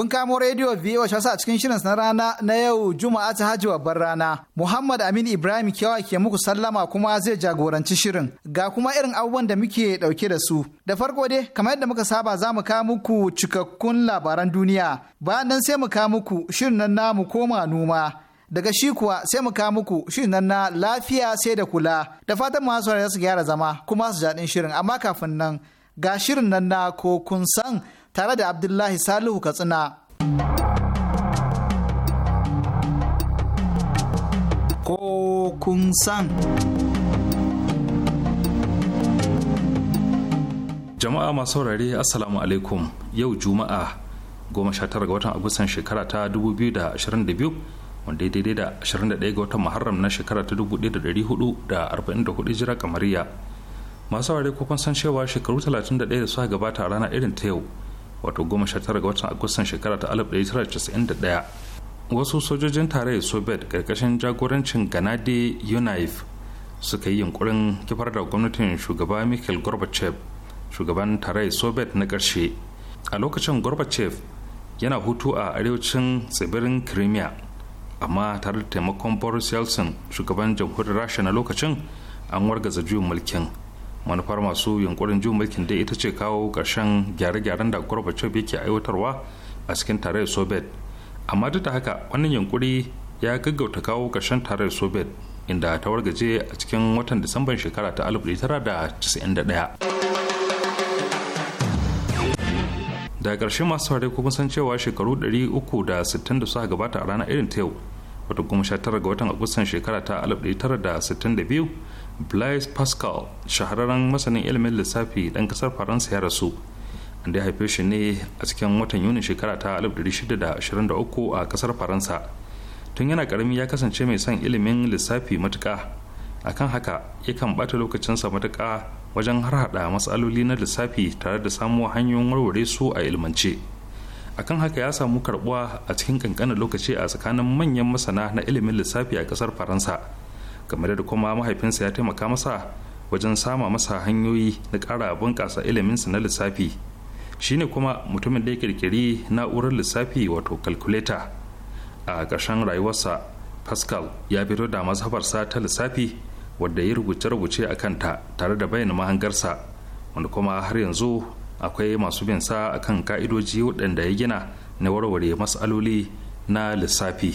Kun kamo rediyo VOA Shasa a cikin shirin na rana na yau Juma'a ta Hajji babbar rana. Muhammad Amin Ibrahim Kyawa ke muku sallama kuma zai jagoranci shirin. Ga kuma irin abubuwan da muke dauke da su. Da farko dai, kamar yadda muka saba za mu kawo muku cikakkun labaran duniya. Bayan nan sai mu kawo muku shirin nan namu koma noma. Daga shi kuwa sai mu kawo muku shirin nan na lafiya sai da kula. Da fatan mu masu su gyara zama kuma su jaɗin shirin amma kafin nan ga shirin nan na ko kun san tare da Abdullahi Salihu Katsina. Ko kun san. Jama'a masu saurare Assalamu alaikum yau Juma'a goma sha tara ga watan Agustan shekara ta 2022 wanda ya daidai da 21 ga watan Muharram na shekara ta 1444 jira kamariya. masu ware kun san cewa shekaru 31 da suka gabata a rana irin ta yau wato 19 ga watan agustan shekara ta 1991 wasu sojojin tarayyar soviet karkashin jagorancin ganade yunaif suka yi yunkurin kifar da gwamnatin shugaba mikhail gorbachev shugaban tarayyar soviet na ƙarshe a lokacin gorbachev yana hutu a arewacin tsibirin crimea amma tare da taimakon boris yeltsin shugaban jamhuriyar rasha na lokacin an wargaza juyin mulkin manufar masu yunkurin juyin mulkin dai ita ce kawo ƙarshen gyare-gyaren da gorbachev yake aiwatarwa a cikin tarayyar soviet amma duk da haka wannan yunkuri ya gaggauta kawo ƙarshen tarayyar soviet inda ta wargaje a cikin watan disamban shekara ta 1991 da ƙarshe masu ware kuma san cewa shekaru 360 da suka gabata a ranar irin ta yau wata goma sha tara ga watan agustan shekara ta 1962 blaise pascal shahararren masanin ilimin lissafi ɗan ƙasar faransa ya rasu an ya haife shi ne a cikin watan yunin shekara ta 1623 a ƙasar faransa tun yana ƙarami ya kasance mai son ilimin lissafi matuka akan haka yakan ɓata lokacinsa matuka wajen harhaɗa matsaloli na lissafi tare da samo hanyoyin warware su a ilimance akan haka ya samu karbuwa a cikin kankanin lokaci a tsakanin manyan masana na ilimin lissafi a ƙasar faransa kamar da kuma mahaifinsa ya taimaka masa wajen sama masa hanyoyi na ƙara bunƙasa iliminsa na lissafi shine kuma mutumin da ya kirkiri na'urar lissafi wato calculator a ƙarshen rayuwarsa pascal ya fito da mazhabarsa ta lissafi wadda ya rubuce-rubuce a kanta tare da bayyana mahangarsa wanda kuma har yanzu akwai masu bin sa akan ka'idoji waɗanda ya gina na warware matsaloli na lissafi.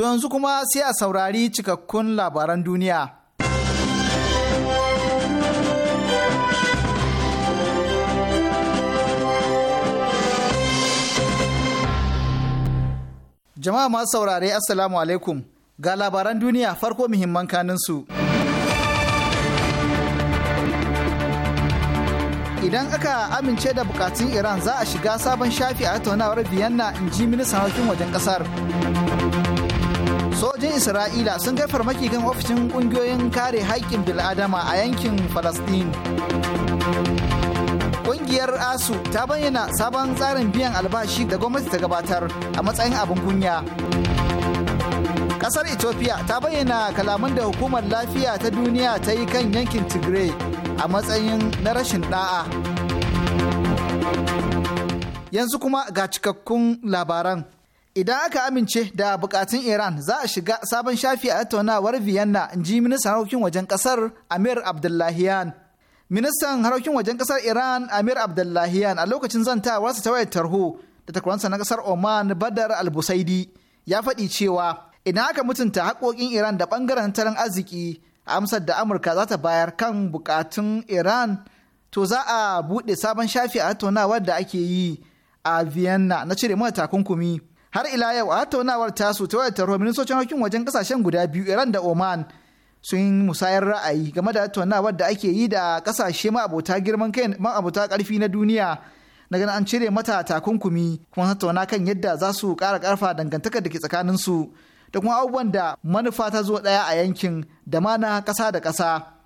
To yanzu kuma sai a saurari cikakkun labaran duniya. Jama'a masu saurare Assalamu alaikum ga labaran duniya farko muhimman kaninsu. Idan aka amince da bukatun Iran za a shiga sabon shafi a tattaunawar Vienna in ji ministan harkokin wajen kasar. sojin isra'ila sun kai farmaki kan ofishin kungiyoyin kare haƙƙin bil'adama a yankin falastin Ƙungiyar asu ta bayyana sabon tsarin biyan albashi da gwamnati ta gabatar a matsayin abin kunya Ƙasar ethiopia ta bayyana kalaman da hukumar lafiya ta duniya ta yi kan yankin tigray a matsayin na rashin ɗa'a. yanzu kuma ga cikakkun labaran idan aka amince da bukatun iran za a shiga sabon shafi a tattaunawar vienna in ji ministan harkokin wajen kasar amir abdullahiyan ministan harkokin wajen kasar iran amir abdullahiyan a lokacin zantawarsa ta wayar tarho da takwaransa na kasar oman badar albusaidi ya faɗi cewa idan aka mutunta haƙoƙin iran da ɓangaren tattalin arziki a amsar da amurka za ta bayar kan bukatun iran to za a buɗe sabon shafi a tattaunawar da ake yi a vienna na cire mata takunkumi har ila yau a tattaunawar tasu ta wayar tarho ministocin harkokin wajen kasashen guda biyu iran da oman sun yi musayar ra'ayi game da tattaunawar da ake yi da kasashe ma'abota girman kai ma'abota karfi na duniya na ganin an cire mata takunkumi kuma tattauna kan yadda za su ƙara ƙarfa dangantakar da ke tsakaninsu da kuma abubuwan da manufa ta zo ɗaya a yankin da ma na ƙasa da kasa.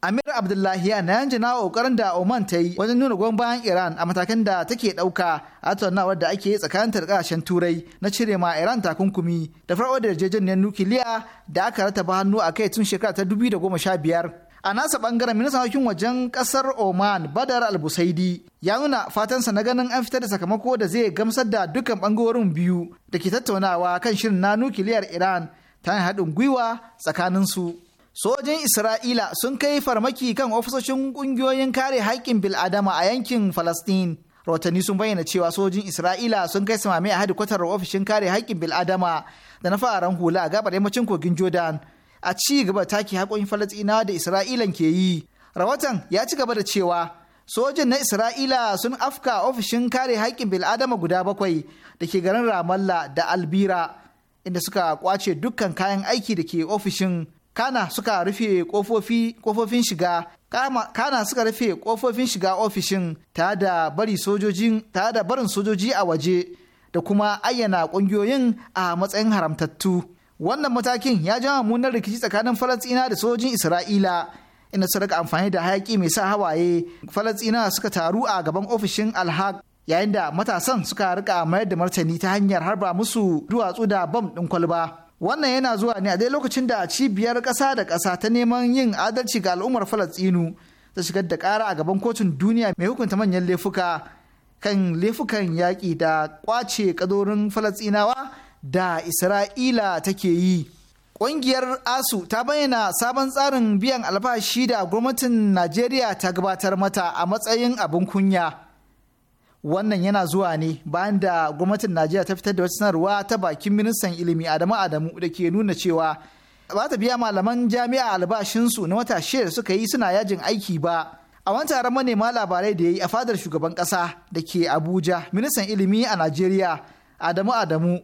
Amir Abdullahi na yanci na kokarin da Oman ta yi wajen nuna goyon bayan Iran a matakan da take ɗauka a tattaunawar da ake tsakanin kasashen Turai na cire ma Iran takunkumi da farko da yarjejeniyar nukiliya da aka rataba hannu a kai tun shekara ta 2015. A nasa bangaren ministan harkokin wajen kasar Oman Badar Al-Busaidi ya nuna fatansa na ganin an fitar da sakamako da zai gamsar da dukkan bangarorin biyu da ke tattaunawa kan shirin na nukiliyar Iran ta haɗin gwiwa tsakanin su. sojin Isra'ila sun kai farmaki kan ofisoshin ƙungiyoyin kare haƙƙin bil'adama a yankin Falasɗin. Rahotanni sun bayyana cewa sojin Isra'ila sun kai samami a hadikwatar ofishin kare haƙƙin bil'adama da na fararen hula a gabar yammacin kogin Jordan a ci gaba take haƙoƙin Falasɗinawa da Isra'ilan ke yi. Rahoton ya ci gaba da cewa sojin na Isra'ila sun afka ofishin kare haƙƙin bil'adama guda bakwai da ke garin Ramallah da Albira inda suka kwace dukkan kayan aiki da ke ofishin. kana suka rufe kofofin shiga kana suka rufe kofofin shiga ofishin tare da barin sojoji a waje da kuma ayyana ƙungiyoyin a matsayin haramtattu wannan matakin ya jawo munar rikici tsakanin falastina da sojojin isra'ila inda su rika amfani da hayaki mai sa hawaye falastina suka taru a gaban ofishin alhaq yayin da matasan suka rika mayar da martani ta hanyar harba musu duwatsu da bam ɗin kwalba wannan yana zuwa ne a dai lokacin da cibiyar ƙasa da ƙasa ta neman yin adalci ga al'ummar falastinu ta shigar da ƙara a gaban kotun duniya mai hukunta manyan laifuka kan laifukan yaƙi da ƙwace ƙadorin falastinawa da isra'ila take yi ƙungiyar asu ta bayyana sabon tsarin biyan albashi da gwamnatin najeriya ta gabatar mata a matsayin abin kunya wannan yana zuwa ne bayan da gwamnatin najeriya ta fitar da wata sanarwa ta bakin ministan ilimi adamu adamu da ke nuna cewa ba ta biya malaman jami'a albashinsu na wata shida suka yi suna yajin aiki ba a wani taron manema labarai da ya yi a fadar shugaban kasa da ke abuja ministan ilimi a najeriya adamu adamu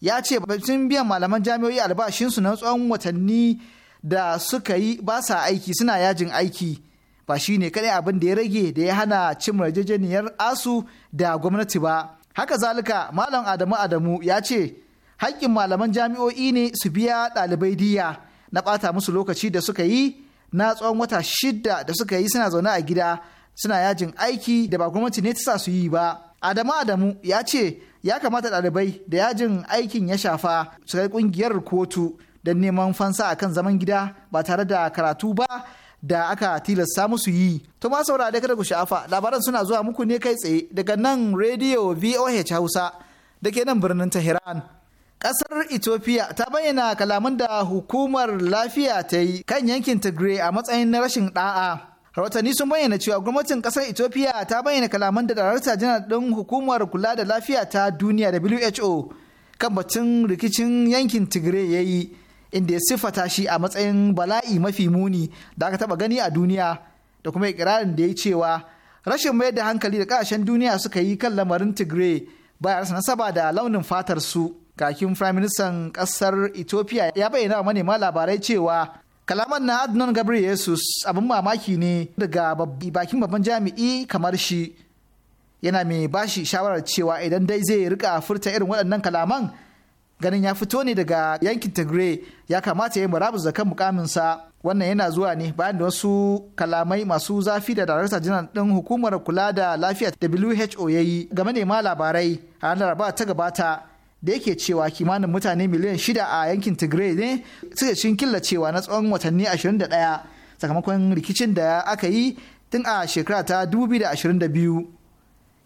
ya ce batun biyan malaman jami'o'i albashinsu na tsawon watanni da suka yi ba sa aiki suna yajin aiki ba shi ne kaɗai abin da ya rage da ya hana cin yarjejeniyar asu da gwamnati ba haka zalika malam adamu adamu ya ce haƙƙin malaman jami'o'i ne su biya ɗalibai diya na ɓata musu lokaci da suka yi na tsawon wata shidda da suka yi suna zaune a gida suna yajin aiki da ba gwamnati ne ta sa su yi ba adamu adamu ya ce ya kamata ɗalibai da yajin aikin ya shafa su kai ƙungiyar kotu don neman fansa akan zaman gida ba tare da karatu ba da aka tilasta musu yi. To ma saurare kada ku sha'afa labaran suna zuwa muku ne kai tsaye daga nan rediyo VOH Hausa da ke nan birnin Tehran. kasar Ethiopia ta bayyana kalaman da hukumar lafiya ta yi kan yankin Tigray a matsayin na rashin ɗa'a. Rahotanni sun bayyana cewa gwamnatin ƙasar Ethiopia ta bayyana kalaman da darakta janar ɗin hukumar kula da lafiya ta duniya WHO kan batun rikicin yankin Tigray ya yi. inda ya siffata shi a matsayin bala'i mafi muni da aka taba gani a duniya da kuma ikirarin da ya cewa rashin mayar da hankali da kasashen duniya suka yi kan lamarin tigray baya rasa nasaba da launin fatar su kakin firaministan kasar ethiopia ya bayyana wa manema labarai cewa kalaman na adnan gabriel yesus abin mamaki ne daga bakin babban jami'i kamar shi yana mai bashi shawarar cewa idan dai zai rika furta irin waɗannan kalaman ganin ya fito ne daga yankin tigray ya kamata ya yi murabus da kan mukaminsa wannan yana zuwa ne bayan da wasu kalamai masu zafi da darakta jinan din hukumar kula da lafiya who ya yi game da ma labarai a ranar laraba ta gabata da yake cewa kimanin mutane miliyan shida a yankin tigray ne suke cikin killacewa na tsawon watanni 21 sakamakon rikicin da aka yi tun a shekara ta 2022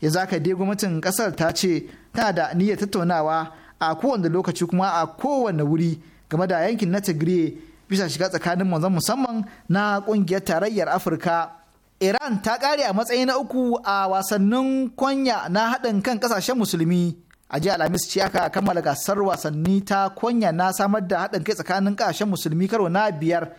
yanzu aka dai gwamnatin kasar ta ce tana da niyyar tattaunawa a kowane lokaci kuma a kowane wuri game da yankin na tigray bisa shiga tsakanin manzon musamman na kungiyar tarayyar afirka iran ta kare a matsayi na uku a wasannin kwanya na haɗin kan ƙasashen musulmi a jiya alhamis ce aka kammala gasar wasanni ta kwanya na samar da haɗin kai tsakanin ƙasashen musulmi karo na biyar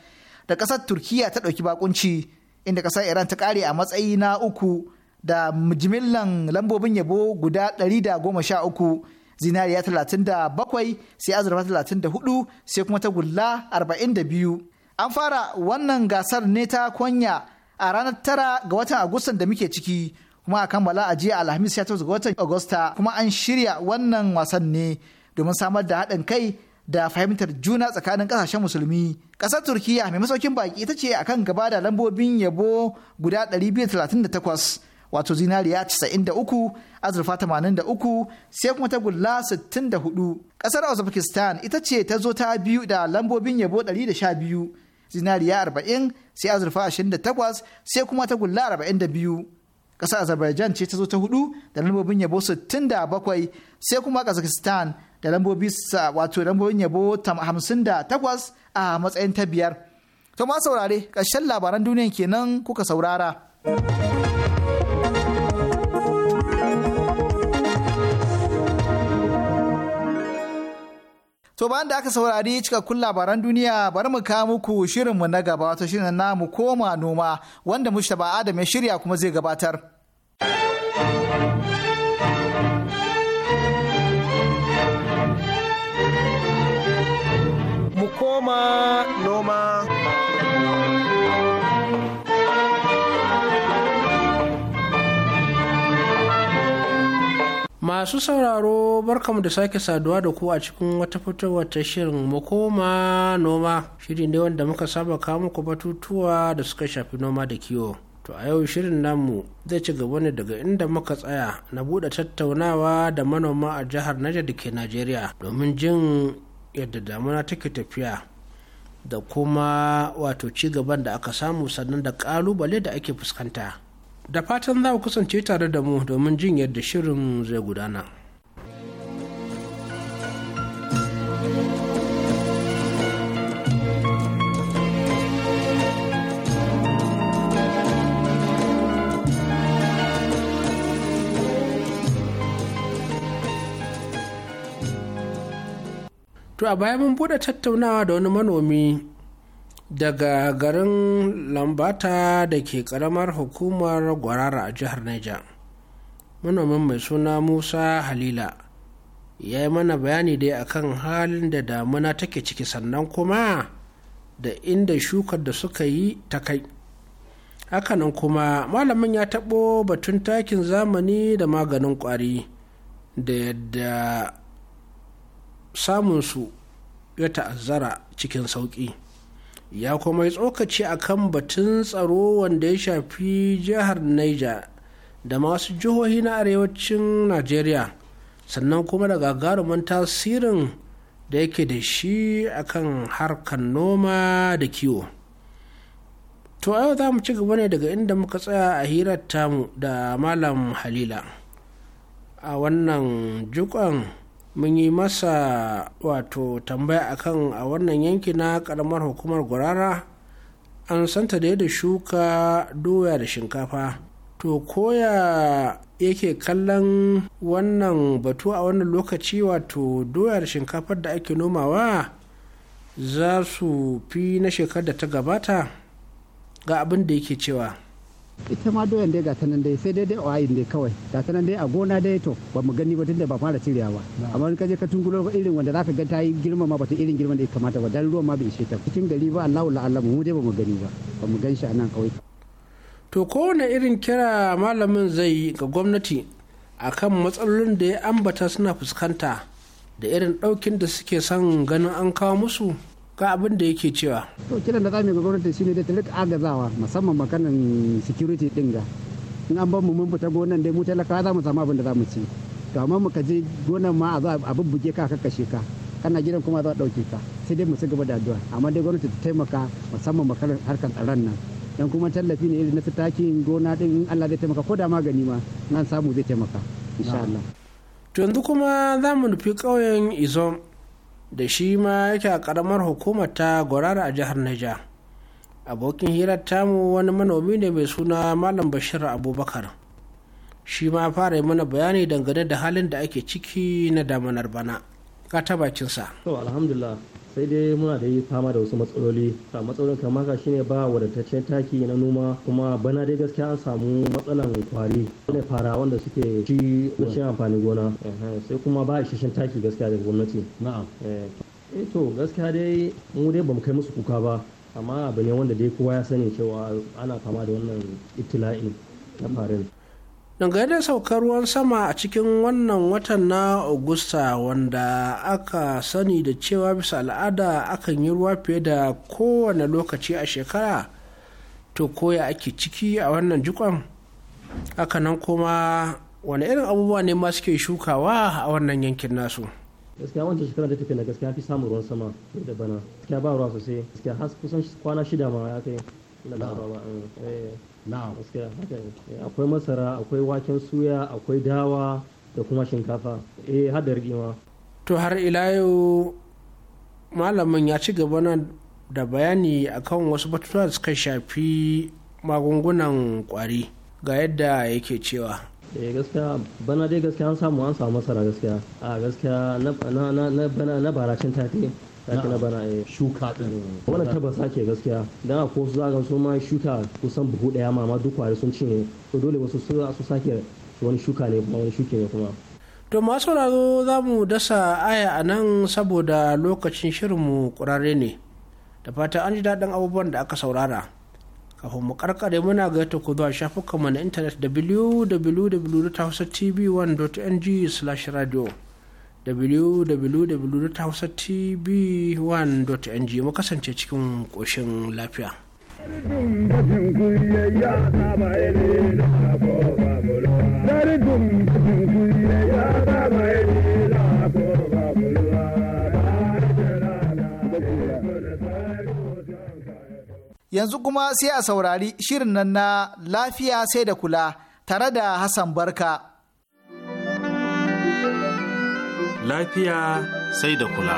da ƙasar turkiya ta ɗauki bakunci inda ƙasar iran ta kare a matsayi na uku da mujimillan lambobin yabo guda ɗari da goma sha uku zinariya 37 sai azurfa 34 sai kuma ta tagulla 42 an fara wannan gasar ne ta kwanya a ranar tara ga watan agustan da muke ciki kuma a kammala a jiya alhamis ya ga watan agusta kuma an shirya wannan wasan ne domin samar da haɗin kai da fahimtar juna tsakanin ƙasashen musulmi. Ƙasar Turkiyya mai masaukin baki ita ce akan gaba da lambobin yabo guda 238 wato zinariya 93 azurfa 83 sai kuma tagulla 64 kasar uzbekistan ita ce ta zo ta biyu da lambobin yabo 112 zinariya 40 sai azurfa 28 sai kuma tagulla 42 kasar azerbaijan ce ta zo ta hudu da lambobin yabo 67 sai kuma kazakhstan da lambobi wato lambobin yabo 58 a matsayin ta biyar to ma saurare ƙarshen labaran duniya kenan kuka saurara. thank you To bayan da aka saurari cikakkun labaran duniya bari mu kawo muku mu na gaba wato shirin na mu koma noma wanda Mustapha Adam ya shirya kuma zai gabatar. Mu koma Masu sauraro barkamu da sake saduwa da ku a cikin wata fitowar ta shirin makoma noma shirin ne wanda muka saba kawo muku batutuwa da suka shafi noma da kiwo. To a yau shirin namu zai ci gaba ne daga inda muka tsaya na buɗe tattaunawa da manoma a jihar Niger da ke Najeriya domin jin yadda damuna take tafiya da kuma wato ci gaban da aka samu sannan da ƙalubale da ake fuskanta. da fatan za ku kasance tare da mu domin jin yadda shirin zai gudana. To a baya mun bude tattaunawa da wani manomi daga garin lambata da ke karamar hukumar gwarara a jihar Neja. manomin mai suna musa halila ya yi mana bayani dai akan halin da damuna take ciki sannan kuma da inda shukar da suka yi ta kai hakanan kuma malamin ya taɓo batun takin zamani da maganin ƙwari da yadda samunsu ya ta'azzara cikin sauƙi. ya kuma yi tsokaci a kan batun tsaro wanda ya shafi jihar niger da masu jihohi na arewacin najeriya sannan kuma da gagarumin tasirin da yake da shi akan harkar noma da kiwo to yau za mu ci gaba ne daga inda muka tsaya a hirar tamu da malam halila a wannan jukon mun yi masa wato tambaya akan a wannan yanki na karamar hukumar gurara an santa da yadda shuka doya da shinkafa to koya yake kallon wannan batu a wannan lokaci wato doya da shinkafar da ake nomawa za su fi na shekar da ta gabata ga abin da yake cewa ita ma doyan dai gata nan dai sai dai dai ayin dai kawai gata nan dai a gona dai to ba mu gani ba tunda ba fara cirewa ba amma in ka je ka tungulo irin wanda zaka ga ta yi girma ma bata irin girman da ya kamata ba dan ruwan ma bai ishe ta cikin gari ba Allahu Allah mu dai ba mu gani ba ba mu gan shi a nan kawai to kowane irin kira malamin zai yi ga gwamnati akan matsalolin da ya ambata suna fuskanta da irin daukin da suke son ganin an kawo musu ga abin da yake cewa to kiran da zamu ga gwamnati shine da ta agazawa musamman makanan security din ga in an bar mu mun fita gonan dai mu talakawa za mu samu abin da za mu ci to amma mu ka gonan ma a za a bubbuge ka kakkashe ka kana gidan kuma za a dauke ka sai dai mu ci gaba da addu'a amma dai gwamnati ta taimaka musamman makanan harkar tsaron nan dan kuma tallafi ne irin na takin gona din in Allah zai taimaka ko da magani ma nan samu zai taimaka insha Allah to yanzu kuma za nufi ƙauyen Izom da shi ma yake a ƙaramar hukumar ta gwarara a jihar Niger. Abokin hirar tamu wani manomi ne mai suna Malam Bashir Abubakar. Shi ma fara yi mana bayani dangane da halin da ake ciki na damanar bana. Ka ta bakinsa. alhamdulillah sai dai muna da yi fama da wasu matsaloli a matsalolin kama haka shine ba wadataccen taki na noma kuma bana dai gaskiya an samu matsalan kwari wani fara wanda suke ci rashin amfani gona sai kuma ba isasshen taki gaskiya daga gwamnati na'am eh. Eh to gaskiya dai mu dai bamu kai musu kuka ba amma abu ne wanda dai kowa ya sani cewa ana fama da wannan itila'in na farin dangane da saukar ruwan sama a cikin wannan watan na augusta wanda aka sani da cewa bisa al'ada akan yi ruwa fiye da kowane lokaci a shekara to koya ake ciki a wannan jikon hakanan kuma wani irin abubuwa ne ma suke shukawa a wannan yankin nasu gaskiya wancan shekara da tafiya na gaskiya fi samun ruwan sama da bana gaskiya ba ruwa sosai gaskiya har kusan kwana shida ma ya kai na akwai masara akwai waken suya akwai dawa da kuma shinkafa eh har da rigima to har ila yau malamin ya ci gaba na da bayani akan wasu batutuwa da suka shafi magungunan kwari ga yadda yake cewa eh gaskiya bana dai gaskiya an samu an samu masara gaskiya a gaskiya na na na baracin tafi taki na bana eh shuka din wannan tabbas sake gaskiya dan a ko su zaga su ma shuka kusan buhu daya ma duk kwari sun cinye to dole wasu su su sake wani shuka ne kuma wani shuke ne kuma to masu sauraro za mu dasa aya a nan saboda lokacin shirinmu kurare ne da fata an ji daɗin abubuwan da aka saurara kafin mu karkare muna ga ta ku zuwa shafukanmu na intanet www.hausatv1.ng/radio www.hausatv1.ng mu kasance cikin ƙoshin lafiya. Yanzu kuma sai a saurari shirin nan na lafiya sai da kula tare da Hassan Barka. lafiya sai da kula.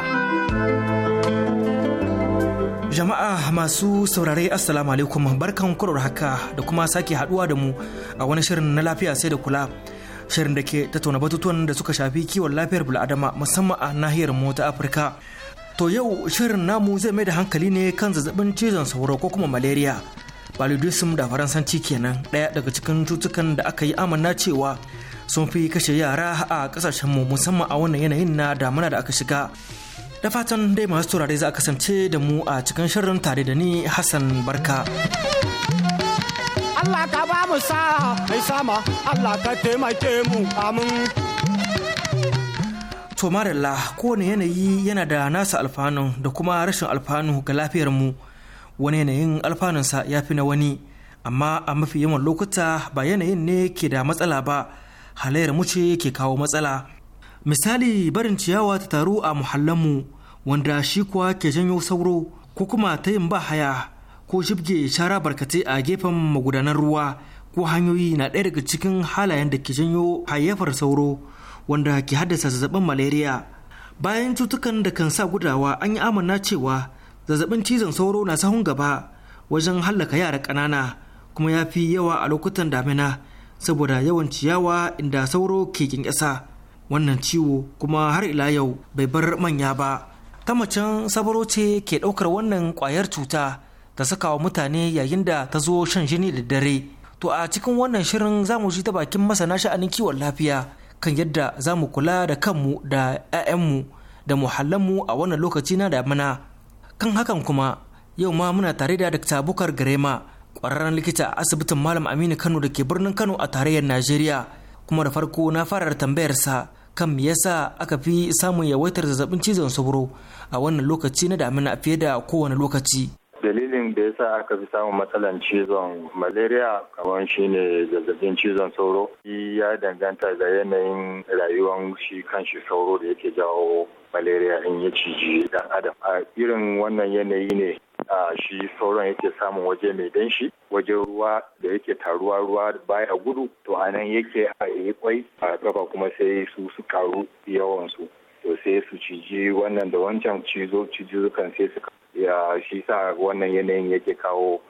Jama'a masu saurare Assalamu alaikum barkan kurar haka da kuma sake haduwa da mu a wani shirin na lafiya sai da kula. Shirin da ke tattauna batutuwan da suka shafi kiwon lafiyar bil'adama musamman a nahiyar mu ta Afirka. To yau shirin namu zai mai da hankali ne kan zazzabin cizon sauro ko kuma malaria. Paludism da faransanci kenan ɗaya daga cikin cutukan da aka yi amanna cewa sun fi kashe yara a mu musamman a wannan yanayin na damuna da aka shiga da fatan dai masu turare za a kasance da mu a cikin shirin tare da ni hassan barka Allah ka ba mu sa sama Allah ka taimake mu amin to marilla kowane yanayi yana da nasa alfanu da kuma rashin alfanu ga lafiyar mu wani yanayin alfanunsa ya fi na wani amma a mafi yawan lokuta ba yanayin ne ke da matsala ba halayyar mu ce ke kawo matsala misali barin ciyawa ta taru a muhallanmu wanda shi kuwa ke janyo sauro ko kuma ta yin ba haya ko jibge shara barkate a gefen magudanar ruwa ko hanyoyi na ɗaya daga cikin halayen da ke janyo hayyafar sauro wanda ke haddasa zazzabin malaria bayan cutukan da kan sa gudawa an yi amana cewa zazzabin cizon sauro na sahun gaba wajen hallaka yara ƙanana kuma ya fi yawa a lokutan damina saboda yawan ciyawa inda sauro ke ƙasa wannan ciwo kuma har ila yau bai bar manya ba ta macen sabaro ce ke ɗaukar wannan ƙwayar cuta ta saka wa mutane yayin da ta zo shan jini da dare to a cikin wannan shirin za mu ji ta bakin masana sha'anin kiwon lafiya kan yadda za mu kula da kanmu da 'ya'yanmu da muhallanmu a wannan lokaci na damina kan hakan kuma yau ma muna tare da Dr. Bukar Garema ƙwararren likita a asibitin malam aminu kano da ke birnin kano a tarayyar najeriya kuma da farko na fara tambayarsa kan me yasa aka fi samun yawaitar zazzabin cizon sauro a wannan lokaci na damina fiye da kowane lokaci dalilin da yasa aka fi samun matsalan cizon malaria kamar shine zazzabin cizon sauro ya danganta da yanayin rayuwan shi kanshi sauro da yake jawo malaria in ya ciji dan adam a irin wannan yanayi ne a shi sauran yake samun waje mai danshi wajen ruwa da yake taruwa ruwa baya gudu to anan yake a kwai a gaba kuma sai su su karu yawan su to sai su ciji wannan da wancan cizo kan sai su ya shi sa wannan yanayin yake kawo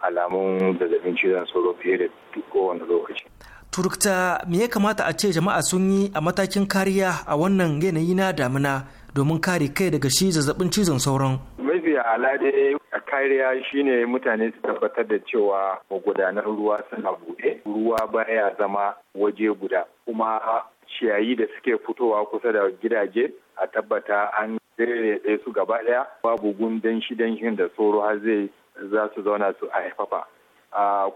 alamun zazzabin cizon sauro fiye da kowane lokaci. turukta me ya kamata a ce jama'a sun yi a matakin kariya a wannan yanayi na damina domin kare kai daga shi zazzabin cizon sauran? mafi alade a kariya shine mutane su tabbatar da cewa magudanar ruwa suna buɗe ruwa baya zama waje guda kuma ciyayi da suke fitowa kusa da gidaje a tabbata an tsere su gaba ɗaya babu gundan shidan da tsoro har zai za su zauna su a haifafa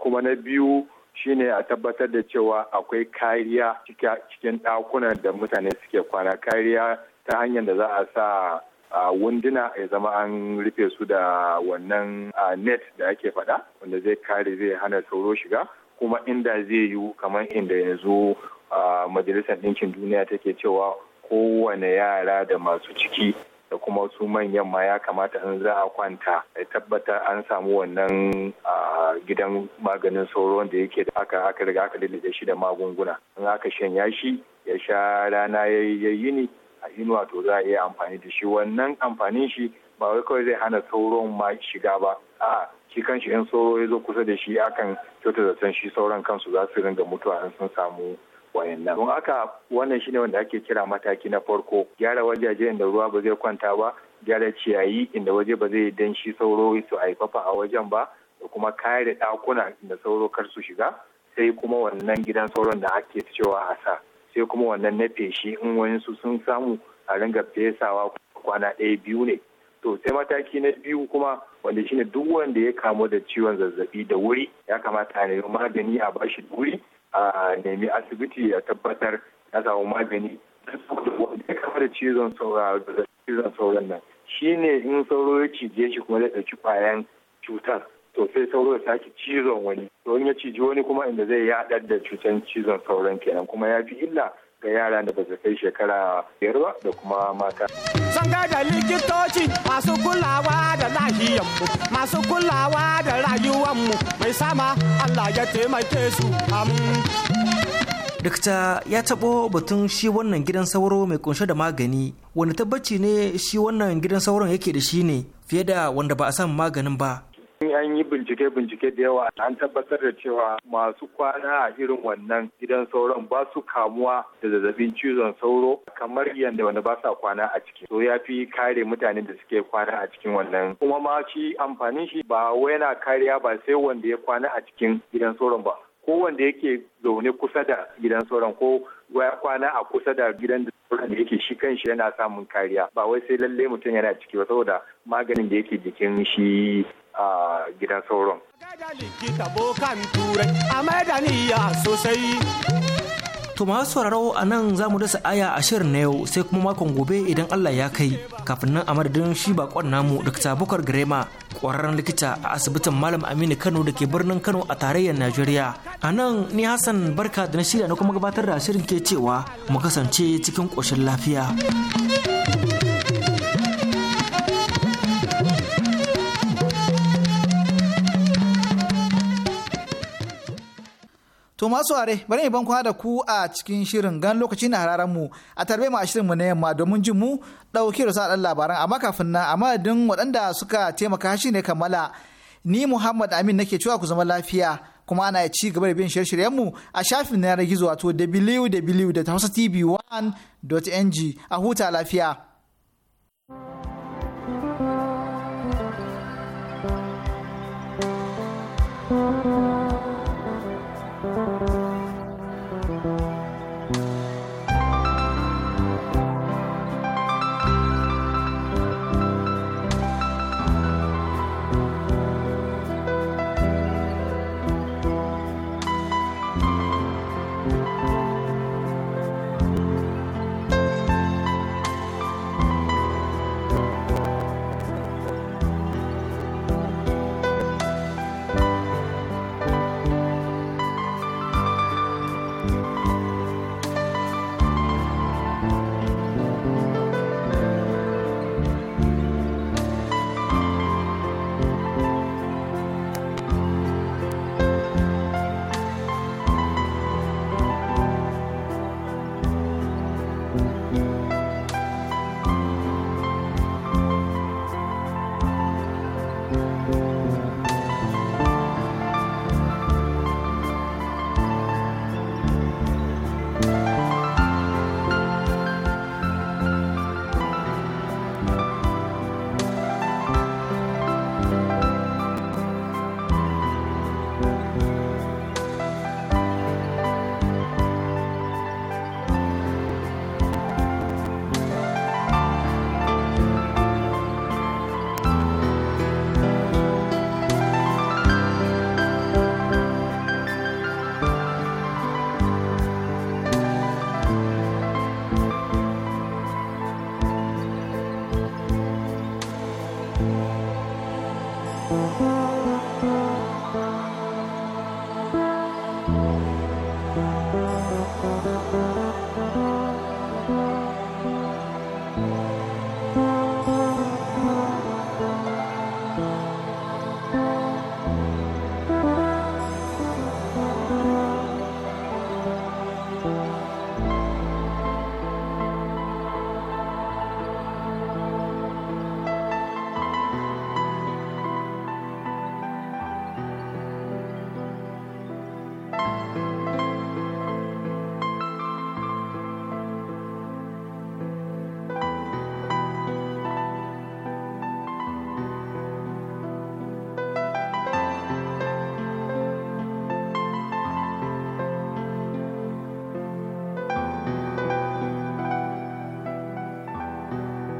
kuma na biyu shine a tabbatar da cewa akwai kariya cikin ɗakunan da mutane suke kwana kariya ta hanyar da za a sa a wunduna ya zama an rufe su da wannan net da ake faɗa wanda zai kare zai hana sauro shiga kuma inda zai yiwu kamar inda yanzu a majalisar ɗinkin duniya take cewa kowane yara da masu ciki da kuma su manyan ma ya kamata in za a kwanta a tabbata an samu wannan gidan maganin sauro da yake da aka aka riga aka lalace shi da magunguna in aka shanya shi ya sha rana ya yi ni a inuwa to za a iya amfani da shi wannan amfanin shi ba wai kawai zai hana sauron ma shiga ba a'a shi shi in sauro ya zo kusa da shi akan kyauta zaton shi sauran kansu za su ringa mutuwa in sun samu wayannan don haka wannan shine wanda ake kira mataki na farko gyara wajaje inda ruwa ba zai kwanta ba gyara ciyayi inda waje ba zai danshi sauro su haifafa a wajen ba da kuma kare dakuna inda sauro kar su shiga sai kuma wannan gidan sauron da ake cewa a sai kuma wannan na feshi in su sun samu a ringa fesawa kwana ɗaya biyu ne to sai mataki na biyu kuma wanda shine duk wanda ya kamu da ciwon zazzabi da wuri ya kamata a nemi magani a bashi wuri a nemi asibiti a tabbatar ya samu magani ya kama da cizon sauran nan shi ne in sauro ya cije shi kuma zai ɗauki kwayan cutar to sai sauro ya sake cizon wani to in ya cije wani kuma inda zai yaɗar da cutar cizon sauran kenan kuma ya fi illa ga yara da ba su kai shekara biyar ba da kuma mata. Sun da likitoci masu kulawa da lahiyanmu, masu kulawa da rayuwanmu mai sama Allah ya taimake su Dakta ya taɓo batun shi wannan gidan sauro mai kunshe da magani wanda tabbaci ne shi wannan gidan sauron yake da shi ne fiye da wanda ba a san maganin ba. in an yi bincike-bincike da yawa an tabbatar da cewa masu kwana a irin wannan gidan sauran ba su kamuwa da zazzabin cizon sauro kamar yadda wanda ba sa kwana a ciki. To ya fi kare mutane da suke kwana a cikin wannan. Kuma ma shi amfanin shi ba wai yana kariya ba sai wanda ya kwana a cikin gidan sauron ba. Ko wanda yake zaune kusa da gidan sauran, ko ya kwana a kusa da gidan da sauran da yake shi kanshi yana samun kariya ba wai sai lallai mutum yana ciki ba saboda maganin da yake jikin shi a gidan sauron. To sauraro a nan za mu dasa aya a shirin na yau sai kuma makon gobe idan Allah ya kai kafin nan a madadin shi bakon namu Dr. Bukar Grema ƙwararren likita a asibitin Malam Aminu Kano da ke birnin Kano a tarayyar Najeriya. A nan ni Hassan barka da na shirya na kuma gabatar da shirin ke cewa mu kasance cikin ƙoshin lafiya. To masu ware bari ban kwana da ku a cikin shirin gan lokaci na hararen mu a tarbe mu a shirin mu na yamma domin jin mu dauki da dan labaran amma kafin nan amma din waɗanda suka taimaka shi ne kammala ni Muhammad Amin nake cewa ku zama lafiya kuma ana ci gaba da bin shirye-shiryen mu a shafin na gizo wato www.hausatv1.ng a huta lafiya. tua